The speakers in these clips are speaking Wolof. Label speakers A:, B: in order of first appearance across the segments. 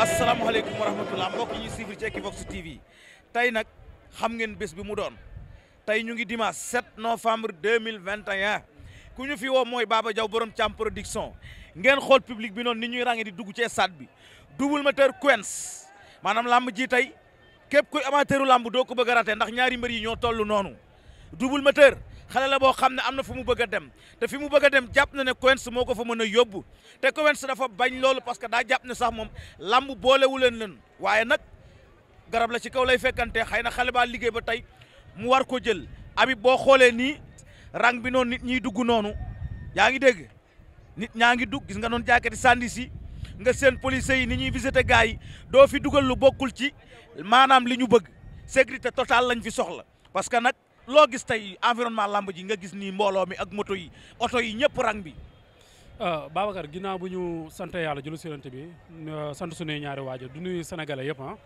A: asalaamaaleykum wa rahmatulah mbokk yi ñuy suivre ci Equivox TV tey nag xam ngeen bés bi mu doon tey ñu ngi dimanche 7 novembre 2021 ku ñu fi woo mooy Baba Diaw borom Thiam production ngeen xool public bi noonu ni ñuy ràññee di dugg cee saat bi double moteur Quench maanaam lamb ji tey képp kuy amateuru làmb doo ko bëgg a raté ndax ñaari mbër yi ñoo toll noonu double moteur. xale la boo xam ne am na fu mu bëgg a dem te fi mu bëgg a dem jàpp na ne Quench moo ko fa mën a yóbbu te Quench dafa bañ loolu parce que daa jàpp ne sax moom lamb boolewu leen leen waaye nag garab la ci kaw lay fekkante xëy na xale baa liggéey ba tey mu war ko jël Habib boo xoolee nii rang bi noonu nit ñiy dugg noonu yaa ngi dégg nit ñaa ngi dugg gis nga noonu jaakati sandi si nga seen police yi ni ñuy visiter gars yi doo fi dugal lu bokkul ci maanaam li ñu bëgg sécurité totale lañ fi soxla loo gis tey environnement làmb ji nga gis nii mbooloo mi ak moto yi oto yi ñëpp rang bi. Euh, Babacar ginnaaw bu ñu sant yàlla jëlu sirante bi euh, sant suñuy ñaari waajur du nuyu sénégalais yëpp ah.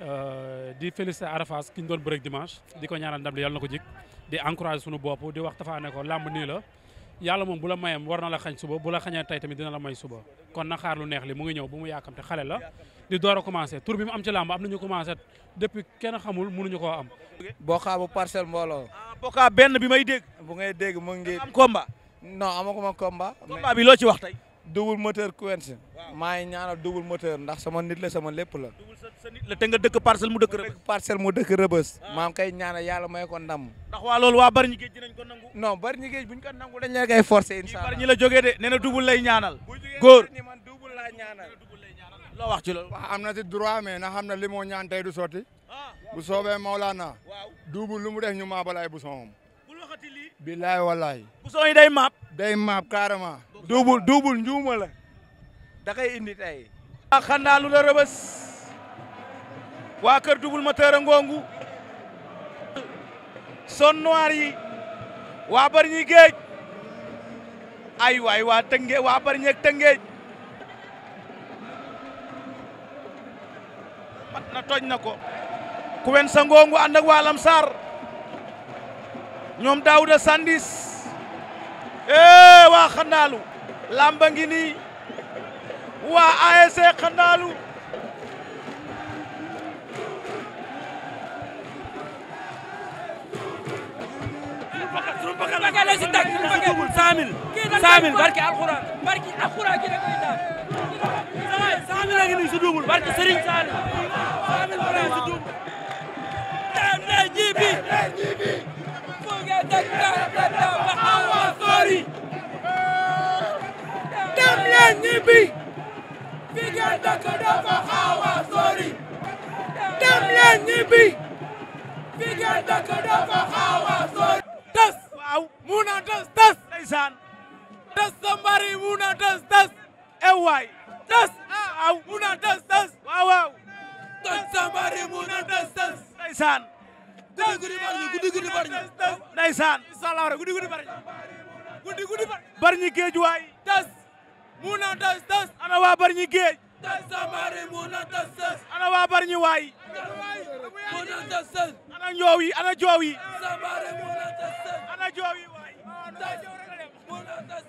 A: Euh, di félicité Arafas ki ñu doon bëreeg dimanche di ko ñaanal ndam li yàlla na ko jik di encouragé suñu bopp di wax tafaane ko làmb nii la. yàlla moom bu la mayam war na la xañ suba bu la xañee tey tamit dina la may suba kon na xaar lu neex li mu ngi ñëw bu mu yàkkamte xale la di door a commencé bi mu am ci làmb am nañu commencé depuis kenn xamul nu ñu ko am bokaa bu parcelle mbooloo ah, bokaa benn bi may dégg bu ngay dégg mu ngi am combat non amaguma combat combat bi loo ci wax tey double moteur Quench. maa ngi ñaanal double moteur ndax sama nit la sama lépp la. sa la te nga dëkk parcelle mu dëkk rëbës. parcelle mu dëkk rëbës. Ah. maa ngi koy ñaanal yàlla may dam ndam. ndax waa loolu waa bari ñi géej dinañ ko nangu. non bari ñi géej buñ ko nangu dañ la koy forcer. incha allah la jógee de nee na ñaanal. góor bu jógee man double laa ñaanal. loo wax ci loolu. am na ci droit mais na xam na li moo ñaan tey du sotti. Ah. bu soobee Maulana. waaw double lu mu def ñu maa balaay bu soomam. waxati lii. bilaay walaay. bu soo day maap. day maap carrément. duubul duubul njuuma la. indi tey. waa ah, xanaa la rëbës. waa kër Double Moteur a ngongu. son noir yi. waa bari ñi ay waay waa tënge waa bari ñeeg tëngeej. mat na toj na ko. ku wen sa ngongu ànd ak waa Lamsar. ñoom Daouda Sandis ee eh, waa Xandaalu lamba ngi nii waa ASC Xandaalu
B: saamil barki alxuraan barki alxuraan ki da koy daan saamil a ngi nii su duubul barki saamil saamil bu ne su duubul dem leen ñibbi fi ngeen dëkk
A: dafa xaw a sori dem leen ñibbi fi ngeen dëkk dafa xaw a sori des waaw mu na des des ndeysaan des sa mbari mu na des des ew waay des waaw mu na des des waaw waaw des sa mu na des des ndeysaan tey guddi bari ñi guddi guddi bari ñi. ndeysaan. incha allah guddi guddi bari ñi. guddi guddi bari ñi géej ana waa bari ñi géej. tas samari mu na tas ana waa bari ñi waay. mu ana njoow ana joow joow yi waay. tas mu na tas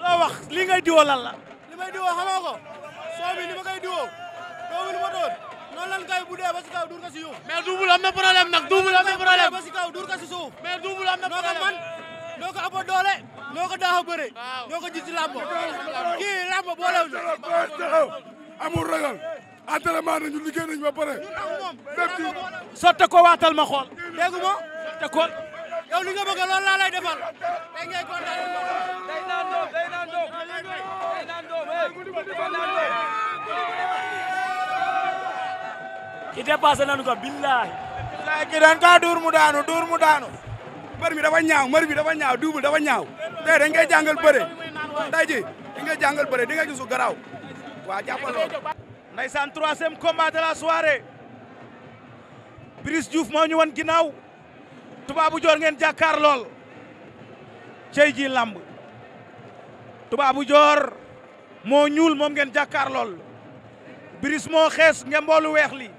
A: loo wax li ngay diwoo lan koy diwoo xamoo ko soo bi ni ma koy diwoo doowul ma doon noonu lan kay bu dee ka si suuf. mais duubul am na problème nag ka si suuf. mais duubul am na noo ko man noo ko a bëre. waaw noo ko
C: ji pare.
A: sotte ko waatal ma xool. dégg nga sotte ko.
B: yow li nga bëgg loolu laa lay defal tey ngay kontaan day naan doom day
A: ki dépassé nañu ko billahi billahi ki dañ kaa mu daanu duur mu daanu mbër bi dafa ñaaw mbër bi dafa ñaaw double dafa ñaaw tey dañ koy jàngal bëre tey ji dañ jàngal bëre di nga waa jàppal loolu ndeysaan troisième combat de la soirée Brice moo ñu wan ginnaaw tubaabu joor ngeen jàkkaar lool cey ji làmb tubaabu joor moo ñuul moom ngeen jàkkaar lool biris moo xees ngeen mboolu weex li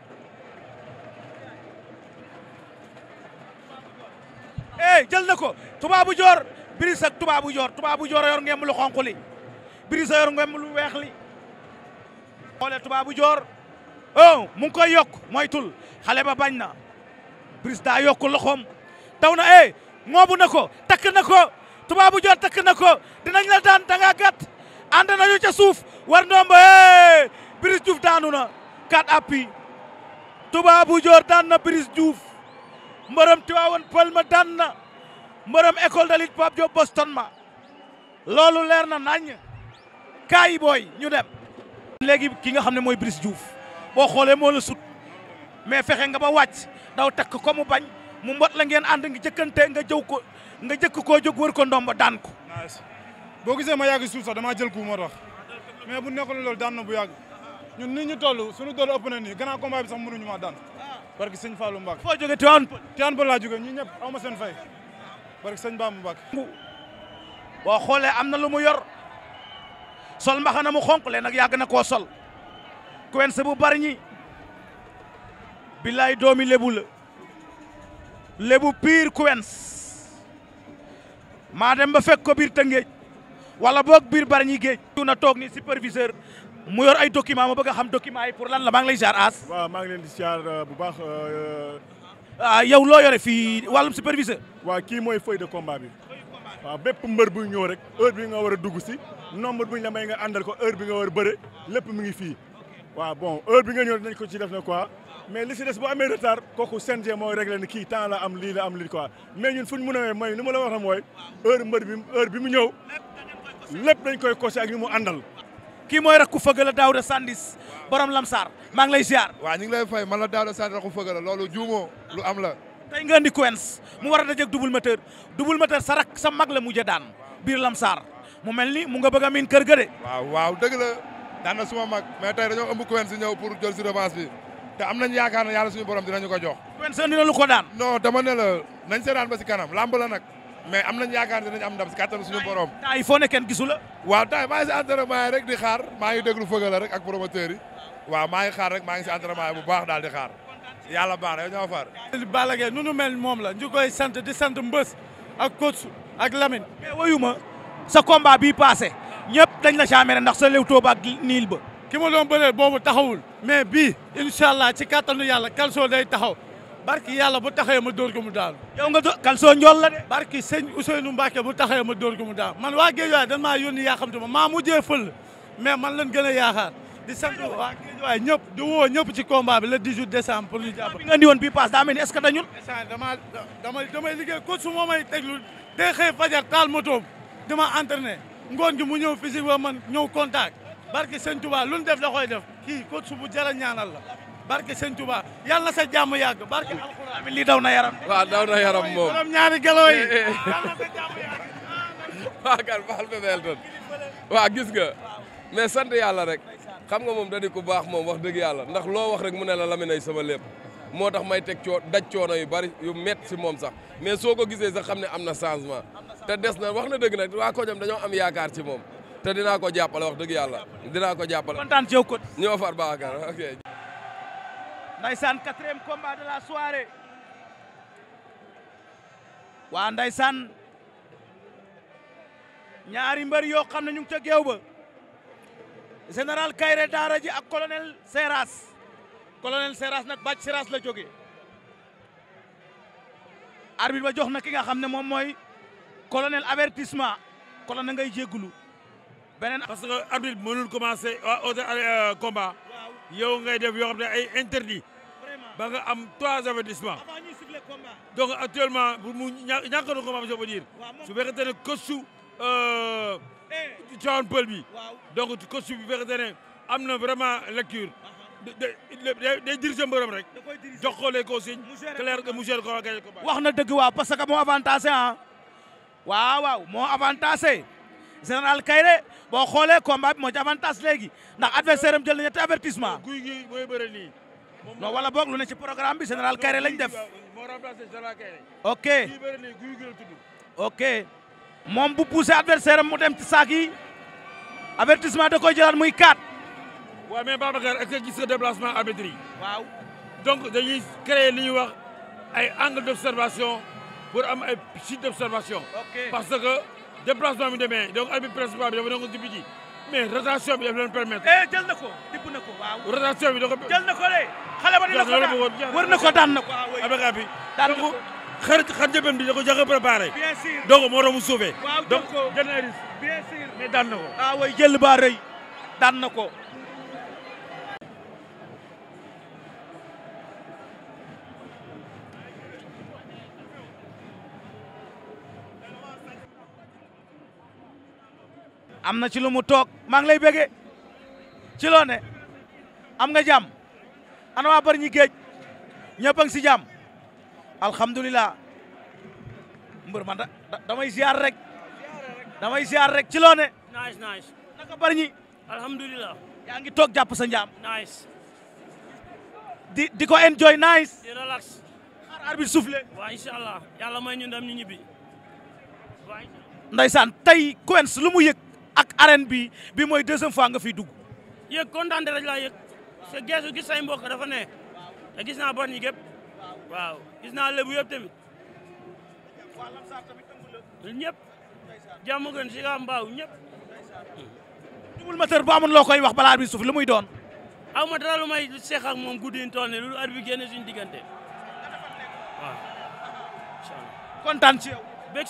A: eh, jël na ko tubaabu joor biris ak tubaabu joor tubaabu joor a yor ngeen lu xonq li biris a ngeen lu weex li xoole tubaabu joor oh mu ngi koy yokk mooy tul xale ba bañ na biris daa yokk loxoom taw na eh moobu na ko takk na ko tubaabu joor takk na ko dinañ la daan da ngaa gàtt ànd nañu ca suuf war ndombo eh Brice Diouf daanu na kat appi tubaabu joor daan na Brice Diouf mbërëm Tiwaawan Pël ma daan na mbërëm école de lutte Pape Diop Boston ma loolu leer na nañ kaay booy ñu dem léegi ki nga xam ne mooy Brice Diouf boo xoolee moo la sut mais fexe nga ba wàcc daw tekk ko mu bañ mu mbot la ngeen ànd nga jëkkante nga jëw ko nga jëkk koo jóg wër ko ndomba daan ko. boo gisee ma yàgg suuf sax damaa jël ko moo tax mais bu nekkul loolu daan na bu yàgg ñun nit ñu toll sunu doole ëpp na ni gannaaw combat bi sax mënuñu maa daan barke sëñ Fallou Mbacke. foo jógee Tivaouane Peulh. Tivaouane Peulh laa jógee ñi ñëpp aw ma seen fay barke sëñ Bamba Mbacke. boo xoolee am na lu mu yor sol mbaxana mu xonq le nag yàgg na koo sol. Quench bu bari ñi billaay doomi lébu la. lébu piir kuwens maa dem ba fekk ko biir tëngéej wala boog biir bari ñi géej na toog ni superviseur mu yor ay document ma bëgg xam document yi pour lan la maa ngi lay ziar aas waaw maa ngi leen di ziar euh, bu baax euh,
C: euh, ah yow loo yore fii wàllum superviseur waa kii mooy feuille de combat bi waaw bépp mbër buy ñëw rek heure bi nga war a dugg si nombre buñ la may nga àndal ko heure bi nga war a bëre lépp mu ngi fii waaw bon heure bi nga ñëw dinañ ko ci def na quoi mais li si des bu amee
A: retard kooku CNG mooy réglé ni kii temps la am lii la am lii quoi mais ñun fu ñu mënee mooy li ma la wax nag mooy heure mbër bi bi mu ñëw lépp dañ koy coché ak ñu mu àndal. kii mooy ku fëgg la Daouda Sandis borom Lamsar maa ngi lay ziar. waaw ñu ngi lay fay man la Daouda Sandis rakku fëgg la loolu juumoo lu am la. tey nga indi Quench mu war a dajeeg double moteur double sa rak sa mag la mujj daan biir Lamsar mu mel ni mu nga bëgg a miin kër ga waaw waaw dëgg la daan na suma mag mais tey dañoo ëmb Quench ñëw pour jël si te am nañ yaakaar ne yàlla suñu borom dinañu ko jox. ren ko daan. non dama ne la nañ seetaan ba si kanam lamb la nag am nañ yaakaar dinañ am ndam si kàttanu suñu borom. temps yi foo ne kenn gisu la. waaw temps yi maa ngi si entraînement yi rek di xaar maa ngi
C: déglu fëgal rek ak promoteur yi waaw maa ngi xaar rek maa ngi si entraînement yi bu baax daal di xaar
A: yàlla baax na yow ñoo far. Balla Gaye nu nu mel moom la ñu koy sant di sant mbës ak coach ak Lamine. mais wayuma sa combat bii passé ñëpp dañ la caamere ndax sa lewtoo ba ak niil ba. ki ma doon bëree boobu taxawul mais bi incha allah ci kàttanu yàlla Kalso day taxaw barki yàlla bu taxawee ma dóor ko mu daanu. yow nga do Kalso la de. barki Mbacke bu taxawee ma dóor ko mu daanu man waa Guédiawaye dañ maa yónni yaa xam te ma maa mujjee fël mais man lañ gën a yaakaar. di sant waa Guédiawaye ñëpp di woo ñëpp ci combat bi le 18 décembre pour ñu jàpp. bi nga andi woon bii passe daa mel ni est-ce que dañul. damaa damay damay liggéey coach su may teglu day xëy fajar taal motoom dama entraîné ngoon gi mu ñëw physique ba man ñëw contact barke sëñ Touba lu ñu def da koy def kii coach bu jara ñaanal la barke sëñ Touba yàlla na sa jàmm yàgg barke alxuraan lii daw na yaram. waaw daw na yaram moom borom ñaari gelo yi yàlla na sa waaw gis nga mais sant yàlla rek xam nga moom da di ku baax moom wax dëgg yàlla ndax loo wax mu ne la Lamine ay sama lépp moo tax may teg coo daj coono yu bari yu métti si moom sax mais soo ko gisee sax xam ne am na changement te des na wax na dëgg na waa koñam dañoo am yaakaar ci moom. te dinaa ko jàppale wax dëgg yàlla dinaa ko jàppale. kontaan ci yow ko ñoo far Babacar ok. Ndaysaan quatrième combat de la soirée. waa Ndaysaan ñaari mbër yoo xam ne ñu ngi ca géew ba. général Kayre Daara ji ak colonel Seras. colonel Seras nag bàcc Seras la jógee. arbitre ba jox na ki nga xam ne moom mooy colonel avertissement colonel ngay jéggulu beneen parce que arbitre bi mënul commencé euh, auto euh, combat yow ngay def yoo xam ne ay interdit ba nga am trois avertissements donc actuellement bu mu ñàkk na combat je veux dire su fekkente ne kosu Tivaouane Peulh bi donc kosu bu fekkente ne am na vraiment lecture uh-huh. day diriger mbërëm rek jox ko les consignes clair que mu gère ko wax na dëgg waaw parce que moo avantagé ah waaw waaw moo avantagé général Kayre boo xoolee combat bi moo ci avantage léegi ndax adversaire am jël na ñetti avertissement. guy gi mooy bëre nii. non wala boog lu ne ci programme bi général Kayre lañ def. moo remplacé général Kayre. ok guy moom bu poussé adversaire am mu dem ci saak yi avertissement da koy jëlaat muy 4. waaw mais Babacar est-ce que gis nga déplacement arbitre yi. donc dañuy créer li ñuy wax ay angle d'observation pour am ay chute d'observation. déplacement bi demee donc arbitre principal bi dafa doon ko jubbi ji mais rotation bi daf leen eh, na ko tibb na ko ko. jël na ko de ba na ko daan na ko. Ah, waaw bi daan ko xar xar jëbëm bi da ko jaxe préparé. bien sûr donc moo mu sauvé. waaw jël ko donc ah, ba rëy na ko. am na ci lu mu toog maa ngi lay bege ci loo am nga jàmm ana waa bari ñi géej ñëpp a ngi si jàmm alhamdulilah mbër man da damay ziar rek damay ziar rek ci loo ne. nice nice naka bari ñi.
B: alhamdulilah.
A: yaa ngi toog jàpp sa njaam. nice. di di ko enjoy nice. di relax. xaar arbitre soufflé. waaw incha allah yàlla may ñu ndam ñu ñibbi. ndeysaan tey Quench lu mu yëg. ak arène bi bi mooy deuxième fois nga fiy dugg. kontaan rek laa gis say mbokk gis naa bor ñi gépp waaw gis naa si kaa wax balaa bi suuf lu ma dara lu may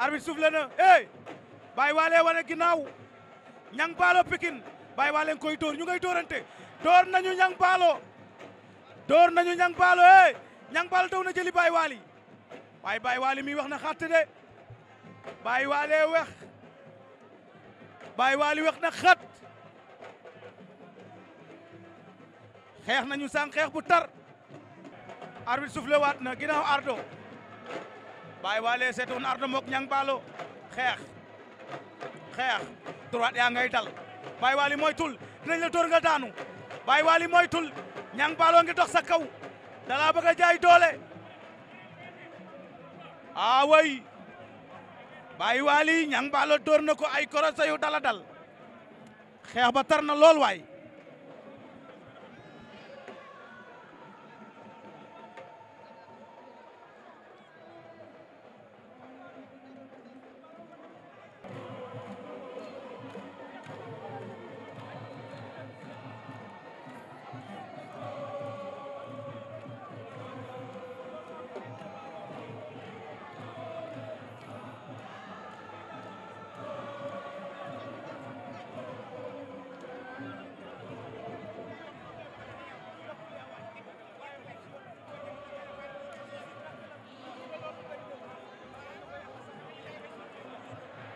A: arbitre soufflé na hey Baye Wale wane ginnaaw Niang Ballo Pikine Baye Wale koy ñu ngay dóorante dóor nañu Niang Ballo dóor nañu Niang Ballo hey Niang Ballo daw na jëli Baye Wale waaye Baye Wale mi wax na xatt de Baye Wale wex Baye Wale wex na xat xeex nañu sànq xeex bu tar arbitre soufflé waat na ginnaaw ardo Baye Wale seetun ardo mook ñang balo xeex xeex droite yaa ngay dal Baye Wali moytul dinañ la dóor nga daanu Baye Wali moytul ñang balo ngi dox sa kaw dala bëgg a jaay doole ah way Baye Wali ñang balo dóor na ko ay korosa yu dala dal xeex ba tar na lool waay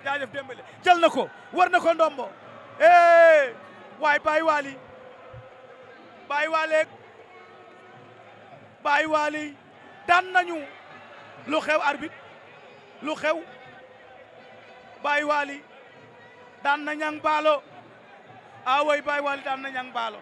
A: jaajëf Dembélé jël ko war na ko ndombo eh waay Baye Waly Baye Waly Baye Waly nañu lu xew luxew lu xew Baye daan na ñang baalo ah way Baye Waly daan baalo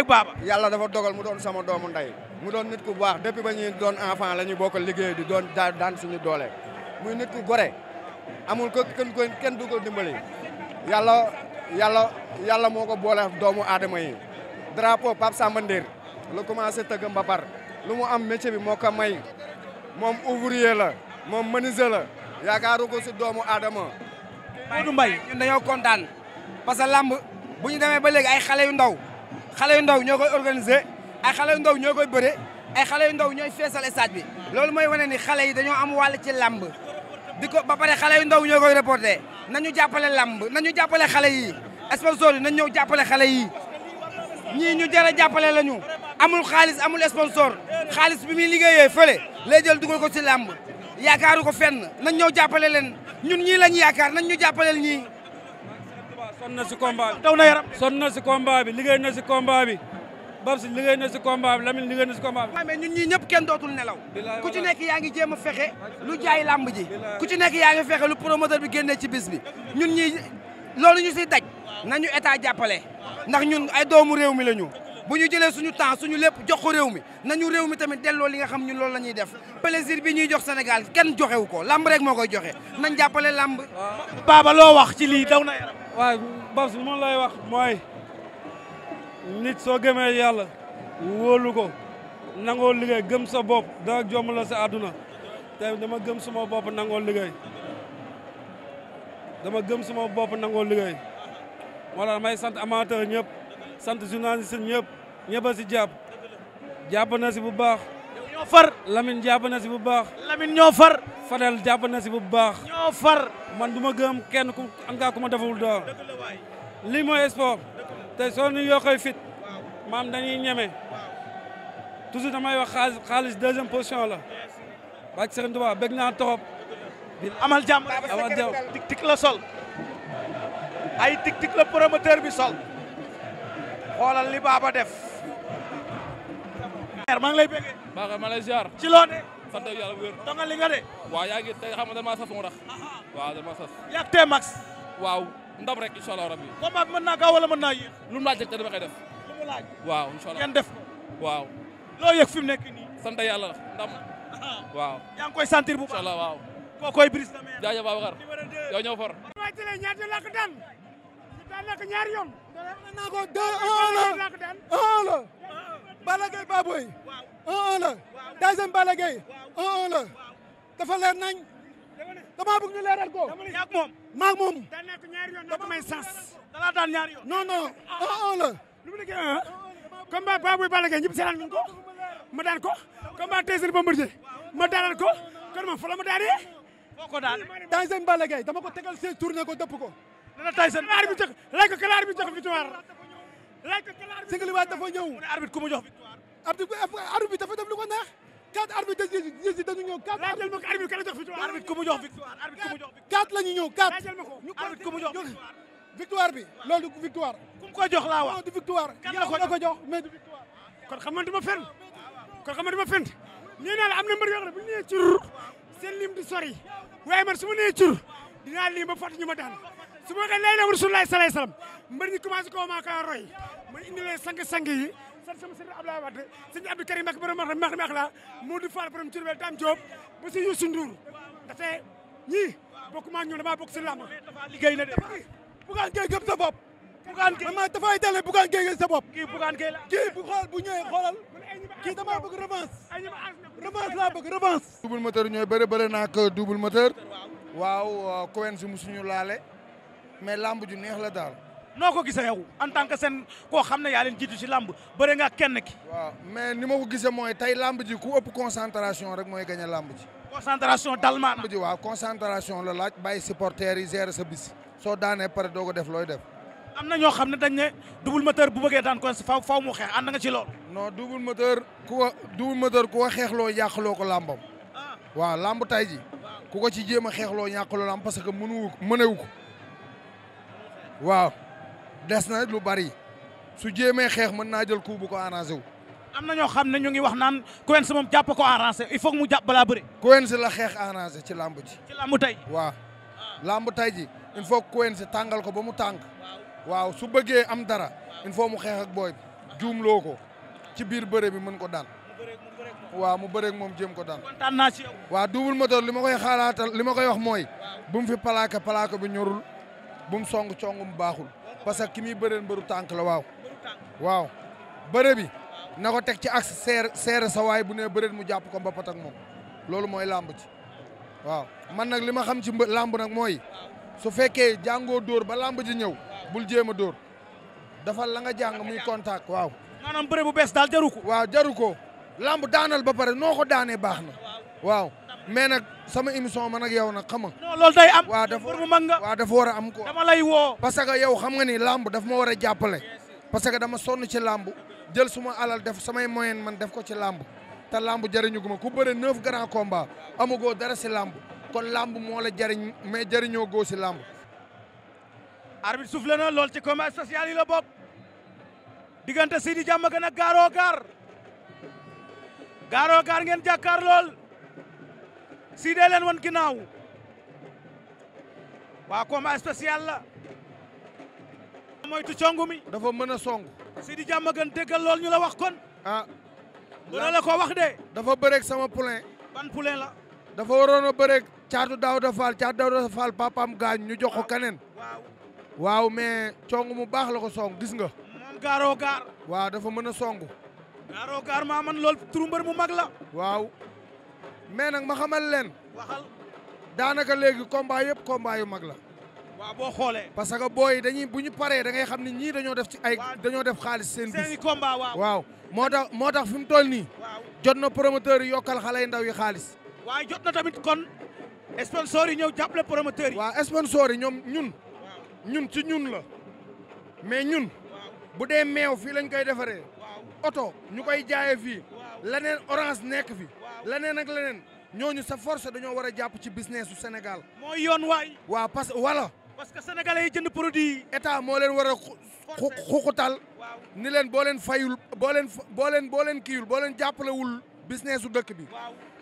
A: gisee baaba yàlla dafa dogal mu doon sama doomu ndey mu doon nit ku baax depuis ba ñuy doon enfant la ñuy bokk liggéey di doon daan suñu doole muy nit ku gore amul ko kenn ko kenn du ko dimbali yàlla yàlla yàlla moo ko boole doomu aadama yi drapeau Pape Samba Ndir la commencé tëgg mbapat lu mu am métier bi moo ko may moom ouvrier la moom menuisier la yaakaaru ko si doomu aadama Doudou Mbaye ñun dañoo kontaan parce que lamb bu ñu demee ba léegi ay xale yu ndaw xale yu ndaw ñoo koy organiser ay xale yu ndaw ñoo koy bëre ay xale yu ndaw ñooy feesal stade bi loolu mooy wane ni xale yi dañoo am wàll ci làmb di ko ba pare xale yu ndaw ñoo koy reporté nañu jàppale làmb nañu jàppale xale yi sponsor yi nañ ñëw jàppale xale yi ñii ñu jar a jàppale lañu amul xaalis amul sponsor xaalis bi muy liggéeyee fële lay jël dugal ko ci làmb yaakaaru ko fenn nañ ñëw jàppale leen ñun ñii lañ yaakaar nañ ñu jàppaleel ñii sonn na si combat bi daw na yaram sonn na si combat bi liggéey na si combat bi Babs liggéey na si combat bi Lamine liggéey na si combat bi. mais ñun ñii ñëpp kenn dootul nelaw. ku ci nekk yaa ngi jéem a fexe lu jaay làmb ji. ku ci nekk yaa ngi fexe lu promoteur bi génnee ci bis bi ñun ñii loolu ñu si daj nañu état jàppale ndax ñun ay doomu réew mi la ñu. bu ñu jëlee suñu temps suñu lépp jox ko réew mi nañu réew mi tamit delloo li nga xam ñun loolu la ñuy def plaisir bi ñuy jox Sénégal kenn joxewu ko lamb rek moo koy joxe nañ jàppale lamb. Baba loo wax ci lii daw na yaram. waaw Babs li ma lay wax mooy nit soo gëmee yàlla wóolu ko nangoo liggéey gëm sa bopp dara jomb la sa àdduna te dama gëm suma bopp nangoo liggéey dama gëm suma bopp nangoo liggéey moo tax may sant amateur ñëpp sant journaliste ñëpp ñëpp a si jàpp jàpp na si bu baax ñoo far Lamine na si bu baax Lamine ñoo far Fadel jàpp na si bu baax ñoo far man du ma gëm kenn ku en tout cas ku ma deful doo lii mooy sport te soo ñu yokkee fit maam dañuy ñeme toujours damay wax xaalis deuxième position la bàcc Serigne naa torop amal jàmm amal jàmm tik tik la sol ay tik tik la promoteur bi sol xoolal li baaba def maa ngi lay bëgg baax ma lay ziar. ci loo ne. sant li nga de. waaw yaa ngi tey xam nga dama sas moo tax. waaw dama sas. yàgg tee max. waaw rek incha rabbi. combat bi mën naa gaaw wala mën naa yéex. lu mu laaj rek dama koy def. lu mu laaj. waaw incha allah ngeen def ko. waaw. loo yëg fi ngi koy sentir bu baax. incha allah waaw. koo koy bris. jaajëf Babacar yow ñëw for.
D: ñaata lakk daan. daanaka ñaari
A: un un la deuxième Balla Gaye un dafa leer nañ dama bëgg ñu leeral ko. yaag moom maag moom. daan naa ko ñaari yoon dama may sens. dala daan ñaari yoon. non non un un la. lu mu liggéey un ah? combat Baboy Balla Gaye ko ma daan ko combat Tyson Bombardier ma daanal ko kon moom fa la ma daanee. foo ko daan Tyson Balla Gaye dama ko tegal seen tournée ko dëpp ko. dana Tyson laaj ko kala arbitre jox victoire. laaj ko kala arbitre arbitre bi dafa def lu ko neex quatre arbitre yi dañu ñëw quatre. laajal ma ko arbitre kan la jox victoire arbitre ku mu jox victoire arbitre ku mu jox victoire. quatre la ñu ñëw quatre. laajal ma ko arbitre ku mu jox victoire. victoire bi loolu du victoire. ku mu ko jox laa wax non du victoire. kan la ko jox ko jox mais du victoire. kon xamante ma fenn kon xamante ma fenn nee naa la am na mbër yoo xam ne bu ñu nee cur seen lim di sori waaye
D: man su ma nee cur dinaa lim ba fàtte ñu ma daan su ma nee lay la rasulullah sallallahu alayhi wasallam mbër ñi commencé koo maa kaa roy man indi leen sang sang yi sant sama sëriñ Abdoulaye Wade sëñ Abdou Karim ak borom max max mi ak la Modou Fall ba si Youssou Ndour ndaxte
A: ñii bokk maa ñoom damaa bokk si làmb liggéey na de bugaan sa bopp bugaan géey man dafay dale bugaan géey gëm sa bopp kii la kii bu xool bu ñëwee xoolal kii damaa bëgg revanche revanche laa bëgg revanche double moteur ñooy bëri bëri naa ko euh, waaw euh, Coen si musuñu laale mais lamb ju neex la daal noo ko gisee yow en tant que seen koo xam ne yaa leen jiitu ci làmb bëre nga kenn ki. waaw mais ni ma ko gisee mooy tey làmb ji ku ëpp concentration rek mooy gañ a làmb ji. concentration dal maanaam. làmb ji waaw concentration la laaj bàyyi supporters yi gérer sa bis soo daanee pare doo ko def looy def. am na ñoo xam ne dañ ne double moteur bu bëggee daan ko faw faw mu xeex ànd nga ci loolu. non double moteur ku ko double moteur ku ko xeexloo yàqloo ko làmbam. Ah. waaw làmb tay ji ku ko ci jéem a xeexloo yàqloo làmb parce que mënuwu ko mënewu ko des na lu bari su jéemee xeex mën naa jël coup bu ko arrangé wu. am na ñoo xam ne ñu ngi wax naan Quench moom jàpp ko arrangé il faut mu jàpp balaa bëri. Quench la xeex arrangé ci làmb ji. ci làmb tey. waaw ah. làmb tey ji il faut que tàngal ko ba mu tànk waaw su bëggee am dara il faut mu xeex ak booy bi juumloo ko ci biir bëre bi mën ko daan. waaw mu bëreeg moom jéem ko daan. kontaan naa ci yow. waaw double moteur li ma koy xalaatal li ma koy wax mooy. bu mu fi palaaka palaaka bi ñorul bu mu song cong mu baaxul. parce que ki muy bëreel mbëru tànk la waaw. waaw bëre bi na ko teg ci axe seer sawaay bu ne bëreet mu jàpp ko mbapat moom loolu mooy làmb ci waaw man nag li ma xam ci làmb nag mooy su fekkee jàngoo dóor ba làmb ji ñëw bul jéem a dóor dafa la nga jàng muy contact waaw. maanaam bëre bu bees daal jaru ko. waaw jaru ko làmb daanal ba pare noo ko daanee baax na waaw. mais nag sama émission ma nag yow nag xam nga. non loolu day am. waaw dafa waaw dafa war a am ko dama lay woo. parce que yow xam nga ni làmb daf ma war a jàppale. parce que dama sonn ci làmb jël suma alal def samay moyen man def ko ci làmb te làmb jariñu gu ma ku bëre neuf grands combats amugoo dara si làmb kon làmb moo la jëriñ mais jëriñoo goo si làmb. arbitre soufflé lool ci combat social yi la bokk diggante Sidi Diamaguène nag Garo Gare Garo Gare ngeen jàkkaar lool. si dee leen wan ginnaaw waa combat spécial la moytu congu mi dafa mën a song si di jàmm gën lool ñu la wax kon ah mëna ko wax de dafa bëreeg sama poulain ban poulain la dafa waroon a bëreeg caatu Daouda Fall caatu Daouda Fall papam gaañ ñu jox ko keneen waaw waaw mais baax la ko song gis nga moom gaaroo gaar waaw dafa mën a song gaaroo gaar maa man lool turu mu mag la waaw mais nag ma xamal leen. daanaka léegi combat yëpp combat yu mag la. boo xoolee. parce que booy dañuy bu ñu paree dangay xam ni ñii dañoo def ci ay. dañoo def xaalis seen. seen i combat waaw moo tax moo tax fi mu toll nii. jot na promoteur yi yokkal xale yu ndaw yi xaalis. waaye jot na tamit kon. sponsor yi ñëw jàppale promoteur yi. waaw sponsor yi ñoom ñun. ñun ci ñun la. mais ñun. bu dee meew fii lañ koy defaree. oto ñu koy jaayee fii. leneen orange nekk fi. leneen ak leneen ñooñu sa force dañoo war a jàpp ci business su Sénégal. mooy yoon waay. waaw parce que wala. parce que sénégalais yi jënd produit yi. état moo leen war a xuxutal ni leen boo leen fayul boo leen boo leen boo leen kiiyul boo leen jàppalewul business su dëkk bi.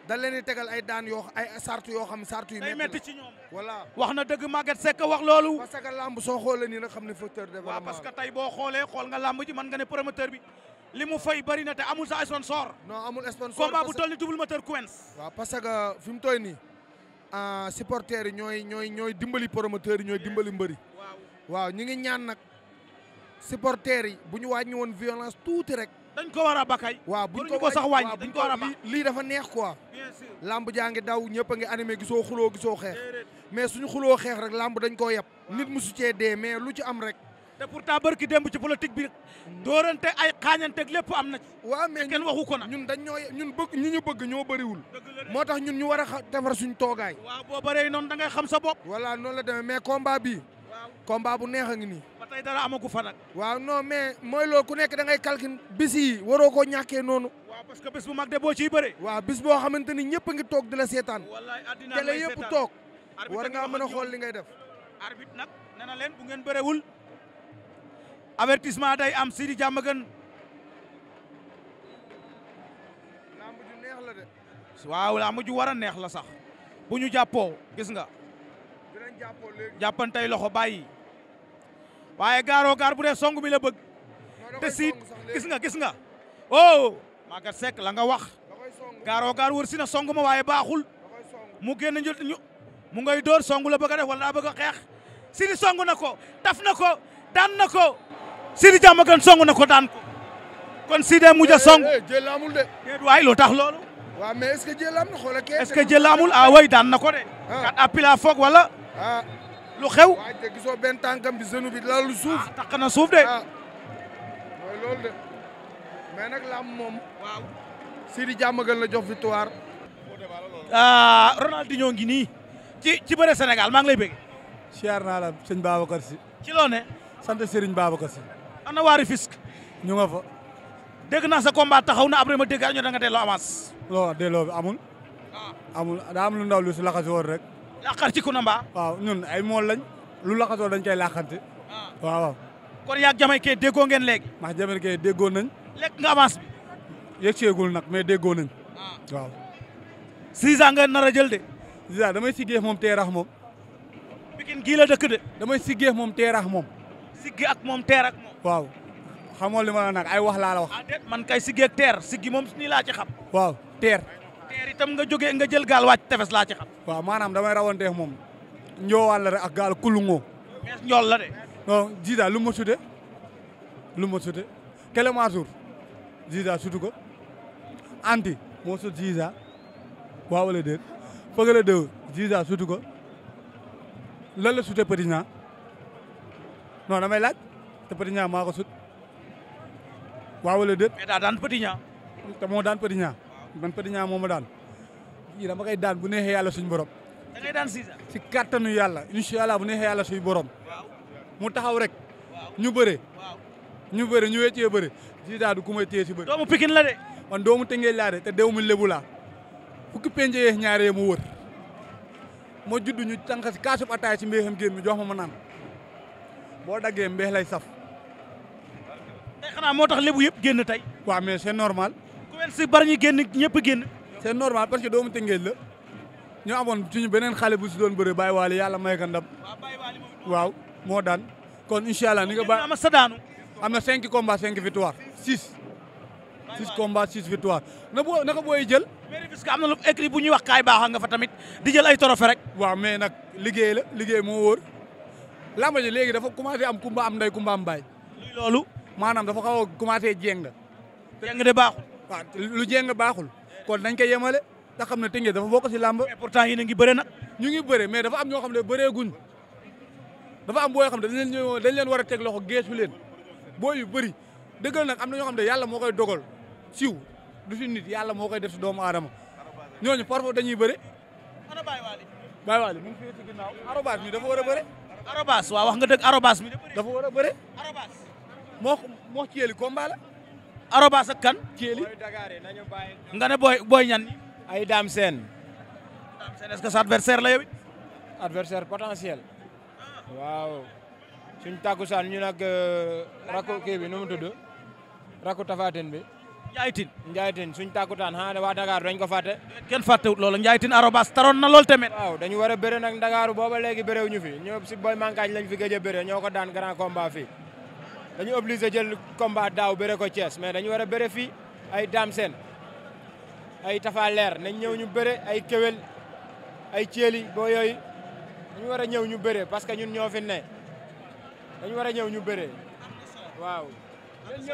A: da leen tegal ay daan yoo ay sartu yoo xam sartu yu métti ci ñoom voilà wax na dëgg Maguette Seck wax loolu parce làmb soo xoolee nii nag xam ne facteur développement waaw parce que tey boo xoolee xool nga lamb ji mën nga ne promoteur bi mu fay bëri na te amul sa sponsor non amul sponsor combat bu toll ni double moteur Quench que fi mu tooy nii ah, supporters yi ñooy ñooy ñooy dimbali promoteurs yi ñooy dimbali mbëri waaw ñu ngi ñaan nag supporters yi bu ñu wàññi woon violence tuuti rek dañ ko war a bakay waaw buñ ko sax wàññi dañ ko war a ba lii dafa neex ko lamb jaa ngi daw ñëpp a ngi animé gisoo xuloo gisoo xeex mais suñu xuloo xeex rek lamb dañ koo yeb nit musu cee dee mais lu ci am rek te pourtant barki démb ci politique bi doorante ay xaañante lépp am na ci waaw mais waxu ko na ñun dañ ñoo ñun bëgg ñi ñu bëgg ñoo bëriwul moo tax ñun ñu war a defar suñu toogaay waaw boo bëree noonu da ngay xam sa bopp voilà noonu la demee mais combat bi combat bu neex a ngi nii. ba tey dara fa nag. waaw non mais mooy loolu ku nekk da ngay calcul bis yi waroo koo ñàkkee noonu. waaw parce que bis bu mag de boo ciy bëree. waaw bis boo xamante ni ñëpp a ngi toog di la seetaan. wallaay addinaa lay seetaan télé yëpp toog. war ngaa mën a xool li ngay def. arbitre nag nee na leen bu ngeen bëreewul avertissement day am Sidi Diamaguène. lamb ju neex la de. waaw lamb ju war a neex la sax bu ñu jàppoo gis nga. jàppantey loxo bàyyi waaye gaaroo gaar bu dee song bi la bëgg te siit gis nga gis nga oh Maguette Seck la nga wax gaaroo gaar wër si na song ma waaye baaxul mu génn ñu mu ngay dóor song la bëgg a def wala daa bëgg xeex Sidi song na ko taf na ko daan na ko Sidi Diamaguène song na ko daan ko kon Sidi mujj a song eh, eh, jël amul de déet waay tax loolu waaw mais est ah, way daan ko de kat appui la foog wala ah lu xew. benn tànkam bi genou bi lalu suuf. ah na suuf de. ah mooy loolu moom. waaw Sidi Diamaguène la jox victoire. ah Ronaldinho ngi nii. ci ci bëre Sénégal maa ngi lay bëgg. siyaar naa la sëñ Babacar si. ci loo ne. sant Serigne Babacar si. ana waari fisk. ñu nga fa. dégg naa sa taxaw na après ma dégg ñu da nga delloo avance. non delloo bi amul. Ah. amul daa am lu ndaw lu si laxasi woon rek. laqar ci Kounamba. waaw ñun ay mool lañ lu laqatoo dañ koy laqante. Ah. waaw waaw. kon yaa ngi Jamaïcain déggoo ngeen léegi. maa Jamaïcain déggoo nañ. lekk nga avance bi. yegg seegul nag mais déggoo nañ. Ah. waaw. Ziza nga nar jël de. Ziza damay siggee moom teerax moom. Pikine gii la dëkk damay siggee moom teerax moom. siggi ak moom teer ak moom. waaw xamoo li ma la nag ay wax laa la wax. ah man kay siggi ak teer siggi moom nii laa ci xam. waaw teer. arrière itam nga jógee nga jël gaal tefes laa ci xam. waaw damay rawanteex moom. la rek ak gaal kulungoo. mees njool la de. non Ziza lu ma sutee lu ma sutee Kélémasour Ziza sutu damay laaj te Petit Niang maa ko sut waaw wala déet. mais daa daan te moo daan Petit Niang. man Petit Niang moom ma daan yi dama koy daan bu neexee yàlla suñ borom. da ngay kattanu yàlla incha allah bu neexee yàlla suñu borom. mu taxaw rek. ñu bëre. ñu bëre ñu weccee bëre Ziza du ku may téye si bëre. doomu Pikine la de. man doomu Tëngéej laa de te dew mu lebu laa fukki penc yeex ñaaree mu wër ma judd ñu tànq si kaasub ataay si mbéexam génn mi jox ma ma naan boo daggee mbéex lay saf. moo tax lebu yëpp génn tey. waaw mais c'est normal. wel si bari ñu génn ñëpp génn. c'est normal parce que doomu Tëngéej la ñu amoon ñu beneen xale bu si doon bëre Baye Waly yàlla may ko waaw moo daan kon incha allah ni nga ba am na sa daanu. am na cinq combats cinq victoire six. six combats six victoire na boo naka booy jël. mais parce que am na lu écrit bu ñu wax kaay baaxa nga fa tamit di jël ay trophée rek. waaw mais nag liggéey la liggéey moo wóor. lamba ji léegi dafa commencé am kumba am nday kumba am baay. loolu. maanaam dafa xaw a commencé jéng. jéng waaw lu jéng baaxul kon nañ ko yemale da xam na Tëngéej dafa bokk si làmb. et pourtant yéen a ngi bëre nag. ñu ngi bëre mais dafa am ñoo xam ne bëreeguñ dafa am booy yoo xam ne dañ leen dañ leen war a teg loxo geesu leen booy yu bëri dëggal nag am na ñoo xam ne yàlla moo koy dogal siw du si nit yàlla moo koy def si doomu aadama ñooñu parfois dañuy bëre. Baye Waly mu ngi fii ci ginnaaw arobas mi dafa war a bëre. arobas waaw wax nga dëgg arobas dafa war a bëre. moo moo ci yëli arobas ak kan kéeli nga ne booy booy ñan ay daam seen daam seen est-ce que sa adversaire la yow it adversaire potentiel waaw suñ tàkkusaan ñu nag euh, rakku kii bi nu mu tudd rakku tafaatin bi Njaay Tine Njaay Tine suñ tàkkutaan xanaa waa Dakar dañ ko fàtte kenn fàttewut loolu Njaay Tine arobas taroon na lool tamit waaw dañu war a bëre nag Ndakaaru booba léegi bëréw ñu fi ñoo si boy mankaaj lañ fi gëj bere ñoo ko daan grand combat fii dañu obligé jël combat daaw bëre ko Thiès mais dañu war a bëre fii ay Dame Sène ay tafaleer Leer nañ ñëw ñu bëre ay Kewel ay Thieli boo yooyu dañu war a ñëw ñu bëre parce que ñun ñoo fi ne dañu war a ñëw ñu bëre waaw.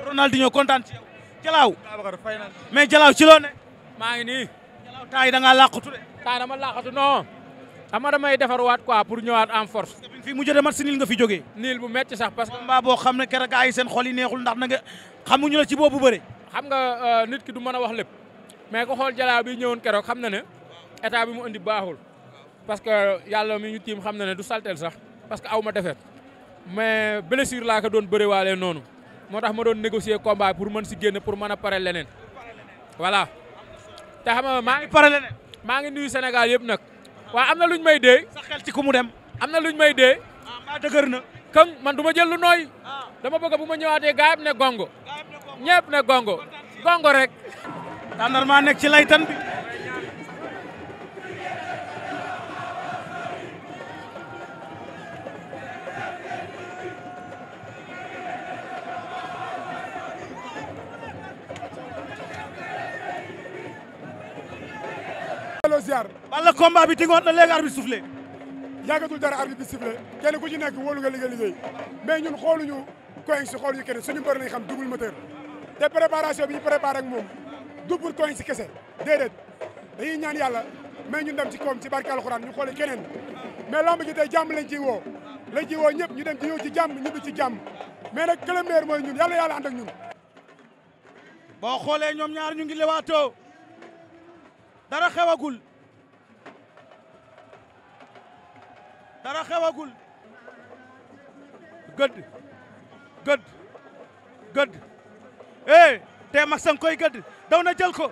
A: Ronaldinho kontaan ci yow Jalaaw mais Jalaaw ci loo ne. maa ngi nii. Jalaaw temps yi da ngaa làqatu de. temps dama làqatu non. xam nga defarwaat quoi pour ñëwaat en force. fii mu jotee match niil nga fi jógee. niil bu metti sax parce que. combat boo xam ne keroog ay seen xol yi neexul ndax na nga xamuñu la ci boobu bëre. xam nga euh, nit ki du mën a wax lépp mais ko xool jalaaw bi ñëwoon keroog xam na ne état bi mu indi baaxul parce que yàlla mi ñu tiim xam na ne du saltel sax parce que aw ma defer mais blessure laa ko doon bëre waale noonu moo tax ma doon négocier combat pour mën si génne pour man a pare leneen voilà. te xam nga maa ngi pare leneen. maa ngi nuyu Sénégal yëpp nag. waa am na luñ may dee. sa ci ku mu dem. am na luñ may dee. Ah, maa dëgër na. kan man du ma jël lu nooy. Ah. dama bëgg bu ma ñëwaatee gaayam ne gongo. ñëpp ne gongo gongo rek. tàndar maa nekk ci laytan bi.
C: bala combat bi tingoon na léegi arbitre soufflé yàggatul dara arbitre bi sifflé kenn ku ci nekk wóolu nga li nga liggéey mais ñun xooluñu Quench xooluñu kenn suñu mbër lañ xam double moteur te préparation bi ñu préparé ak moom du pour Quench kese déedéet dañuy ñaan yàlla mais ñu dem ci koom ci barke alxuraan ñu xooli keneen mais lamb ji tey jàmm lañ ciy wo lañ ci woo ñëpp ñu dem ci ñëw ci jàmm ñibbi ci jàmm mais na kële meer mooy ñun yàlla yàlla ànd ñun.
A: boo xoolee ñoom ñaar ñu ngi lewaatoo dara xewagul. dara xewagul gëdd gëdd gëdd eh te mag koy gëdd daw na jël ko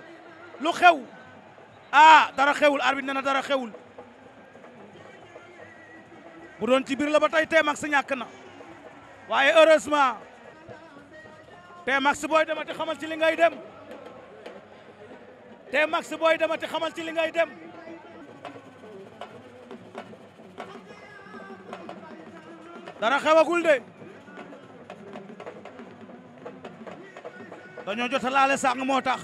A: lu xew ah dara xewul arbitre nee na dara xewul bu doon ci biir la ba tey tee mag sa ñàkk na waaye heureusement te mag si booy demati xamal ci li ngay dem te mag si booy demati xamal ci li ngay dem dara xewagul de dañoo jot a laale sàng moo tax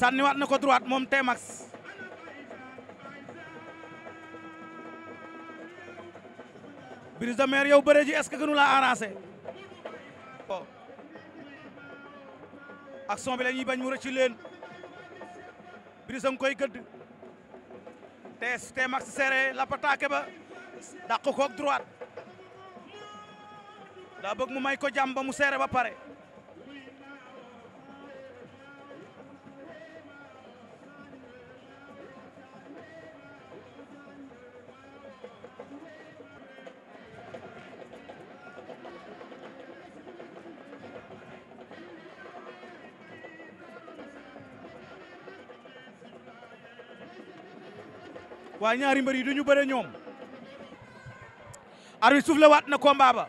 A: sànniwaat na ko droite moom Tmax Brise de Mer yow bëre ji est-ce que gënu laa arrangé bon action mu rëcc leen Brise koy gëdd te Tmax serré la pataake ba dàq ko ak droite bëgg mu may ko jàmm mu seere ba pare waa ñaari mbër yi duñu bëre ñoom arbitre soufflé waat na combat ba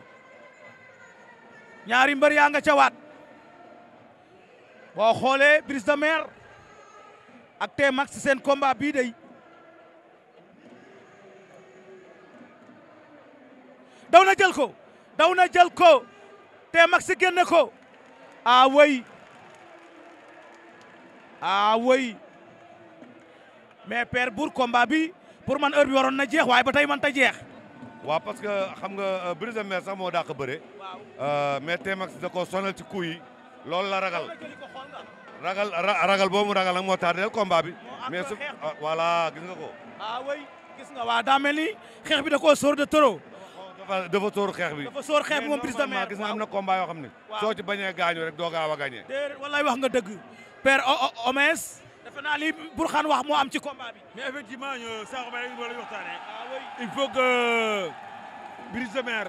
A: ñaari mbër yaa nga ca waat boo xoolee Brise de Mer ak T-Max seen combat bii day daw na jël ko daw na jël ko T-Max génne ko a way a way mais père bour combat bi pour man heure bi waroon na jeex waaye ba tey man ta jeex waaw parce que xam nga euh, brise de sax moo dàq bëre. Euh, mais Tmax da koo sonal ci coup yi loolu la ragal. ragal ragal boobu mu ragal nag moo tardé combat bi. mais su ah, voilà gis nga ko. ah oui gis nga waaw xeex bi da koo sóor de trop. dafa dafa sóor bi. dafa sóor xeex bi moom brise de gis nga am yoo xam ne. soo ci bañee gaañu rek doo gaaw a gaañee. déedéet wax nga dëgg. père Omès. defe naa li Bourkhane wax moo am ci combat bi. mais effectivement Sakho Mbaye rek loolu ah il faut que euh, Brise de maire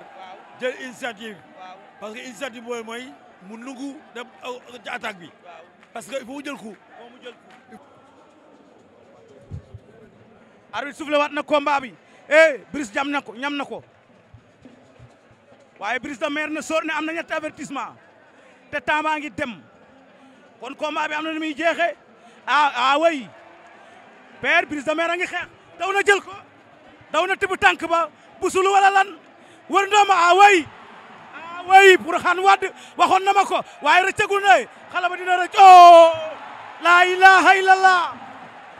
A: jël initiative. parce que initiative boobu mooy mu nungu dem euh, bi. parce que il faut mu jël coup. mu jël coup. arbitre soufflé na combat bi eh Brise jam na ko ñam na ko waaye Brise de maire na sóor ne am na ñetti avertissement te temps baa ngi dem kon combat bi am na nu muy a ah way ah, père Brise de Mer ngi xeex daw na jël ko daw na tibb tànk ba busulu wala war wër ndooma a ah, way a ah, way pour xan wadd waxoon na ma ko waaye rëccagul ne xale ba dina rëcc oh la ilaha illallah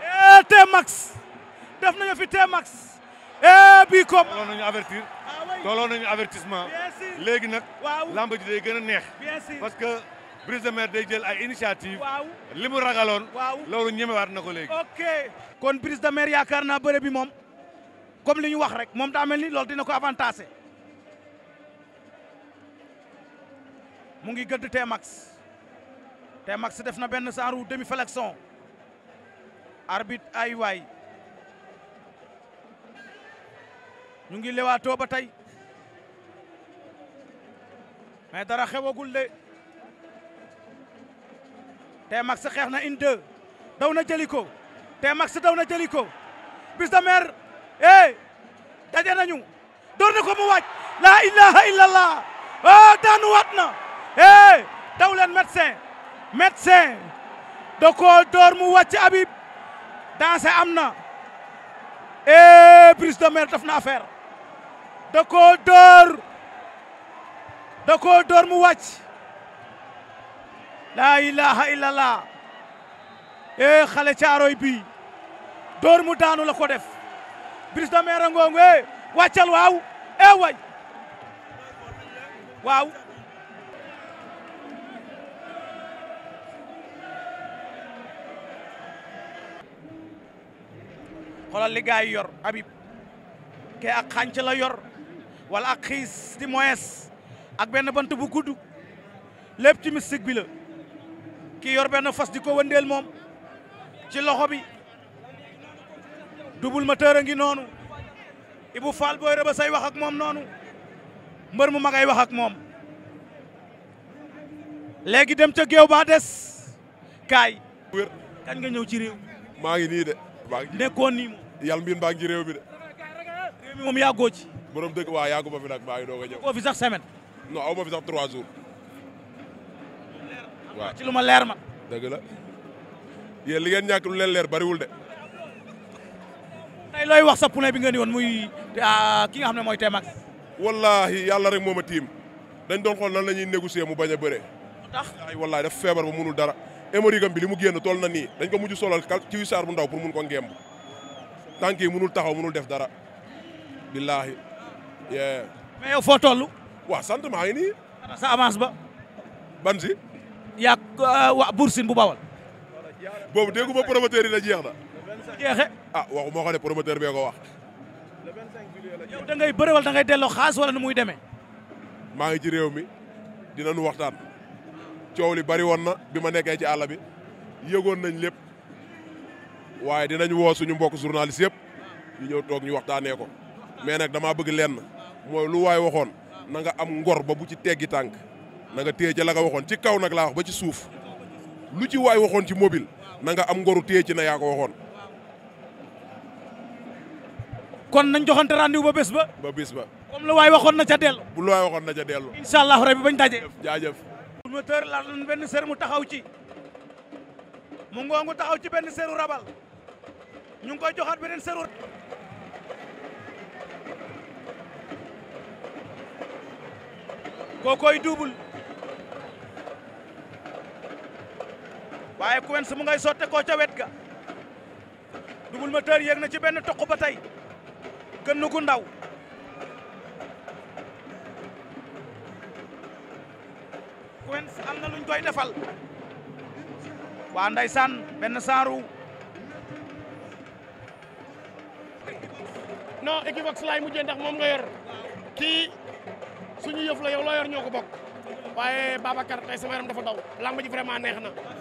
A: eh T-Max def nañu fi T-Max eh bii ko toloo nañu avertir toloo nañu avertissement léegi nag lamb ji day gën neex Brise de Mer day jël ay initiative waaw li mu ragaloon. waaw loolu ñemewaat na ko léegi. kon Brise de Mer yaakaar naa bëre bi moom comme li ñu wax rek moom daa ni loolu dina ko avantage mu ngi gëdd Tmax max def na benn genre demi flexion arbitre ay waay ñu ngi lewaatoo ba tey mais dara xewagul de. tey max xeex na une daw na jëliko ko tey max daw na jëli ko Brise de Mer eh daje nañu door na ko mu wàcc laa ilaha illallah ah, daanu waat na eh daw leen da koo door mu wàcc Habib danse am na eh Brise de def na affaire da koo door da koo door mu wàcc. laa ilaha illallah eh xale caaroy bi door mu daanu la ko def Brise de ngoongu eh wàccal waaw eh way waaw xoolal li yor Habib ke ak xànc yor wala ak xiis di moyes ak benn bant bu gudd lépp ci mystique bi ki yor benn fas di ko wëndeel moom ci loxo bi Double Moteur a ngi noonu Ibou Fall booy rëba say wax ak moom noonu mbër mu magay wax ak moom léegi dem ca géew baa des kaay
C: wér kañ nga ñëw ci réew maa ngi nii de nekkoon nii moom yàlla mbiin baa ngi ci réew bi de réew mi moom yàggoo ci borom dëkk waa yàggu ma fi nag maa ngi doog a fi sax semaine non aw ma sax trois jours waaw ci lu ma leer ma. dëgg la yéen li ngeen ñàkk lu leen leer bariwul de. tey looy wax sa poulain bi nga ni woon muy ah, ki nga xam ne mooy Tmax. wallaahi yàlla rek moom ma tiim dañ doon xool nan la ñuy négocier mu bañ a bëree. tax ay wallaahi daf feebar ba munul dara. hémorrhagam bi li mu génn toll na nii dañ ko mujj solal kal ci wisaar bu ndaw pour mun ko ngemb tànk yi munul taxaw munul def dara. billaahi. mais foo toll. waaw sant maa ngi nii. sa avance ba. ban si. yaa euh, wa Bour Sine bu bawal. boobu dégguma promoteur yi la jeex na. jeexe ah waxu moo ko ne promoteur bee ko wax. yow da ngay bëre wala da ngay delloo xaas wala nu muy demee. maa ngi ci réew mi dinañu waxtaan coow li bari woon na bi ma nekkee ci àll bi yëgoon nañ lépp waaye dinañ woo suñu mbokk journaliste yëpp ñu ñëw toog ñu waxtaanee ko mais nag damaa bëgg lenn mooy lu waay waxoon na nga am ngor ba bu ci teggi tànk. na nga téye ca la nga waxoon ci kaw nag laa ba ci suuf lu ci waay waxoon ci mobile na nga am ngoru téye ci na yaa ko kon nañ joxante rendez-vous ba bés ba. ba bés ba. comme lu waay waxoon na ca dellu. bu lu waay waxoon na ca dellu. incha allah rabi bañ daje. jaajëf.
A: promoteur la lan benn seer mu taxaw ci mu ngoongu taxaw ci benn seeru rabal ñu ngi koy joxaat beneen seeru. koo koy duubul waaye Quench mu ngay sotte koo ca wet ga Double Moteur yéeg na ci benn toq ba tey gën na ndaw Quench am na luñ koy defal waa san benn saaru
D: non Equivox laay mujjee ndax moom nga yor kii suñu yëf la yow loo yor ñoo ko bokk waaye Babacar tey sama yaram dafa daw làmb ji vraiment neex na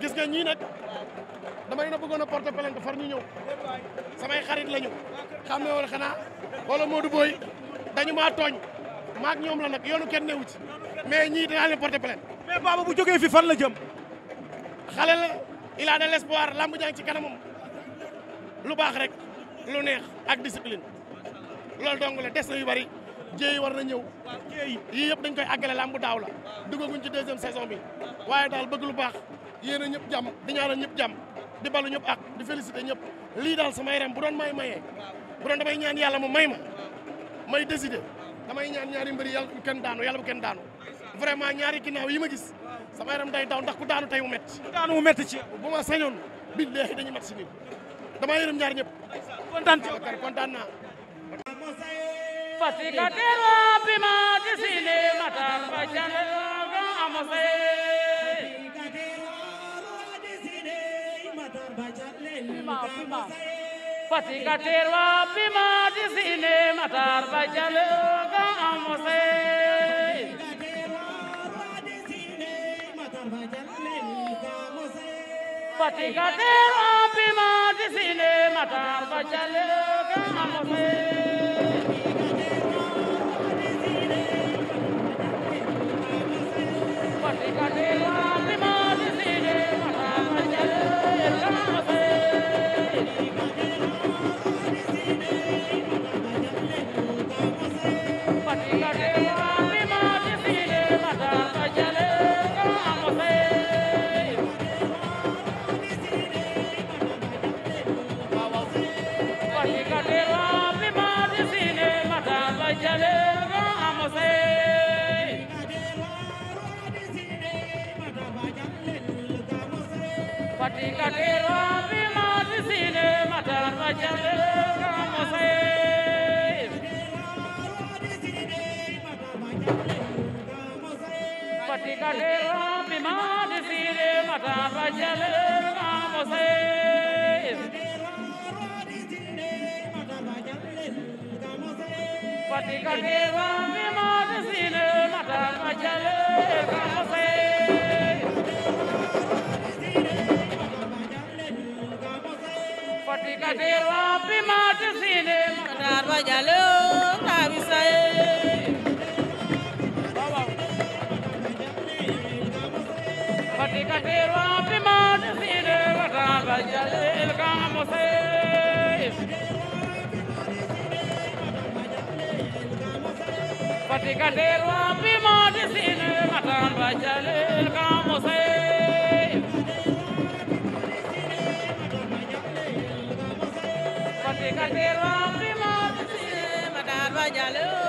D: gis nga ñii nag dama leen a bëggoon a porter plainte far ñu ñëw samay xarit lañu xam ne wala xanaa wala Modou Boy dañu maa tooñ maak ñoom la nag yoonu kenn newu ci mais ñii dinaa leen porter plainte. mais Baba bu jógee fi fan la jëm. xale la il a de l'espoir lamb jàng ci kanamam lu baax rek lu neex ak discipline loolu dong la des na yu bari jéey war na ñëw jéey yii yëpp dañ koy àggale lamb daaw la duggaguñ ci deuxième saison bi waaye daal bëgg lu baax. yéen a ñëpp jàmm di ñaanal ñëpp jàmm di balu ñëpp ak di féliciter ñëpp lii daal sama yaram bu doon may mayee bu damay ñaan yàlla may ma may décider damay ñaan ñaari mbëri yàlla bu kenn daanu yàlla bu kenn daanu vraiment ñaari yi ma gis sama yaram day daw ndax ku daanu tey mu métti ku daanu mu métti ci bu ma sañoon billahi dañu mat si nii dama yërëm ñaar ñëpp kontaan ci kontaan naa
B: Fatika tero bima tisile matal pima pima fatiga pima ti sine matar ba jale ga amose fatiga katika kirobi mazisine matan wajale kamosaif katika kirobi mazisine matan wajale kamosaif katika kirobi mazisine matan wajale kamosaif Fatiga del wa bi ma disine matan ba jalil ka mo sey Jalbe wa primo, ma dar wa jalo.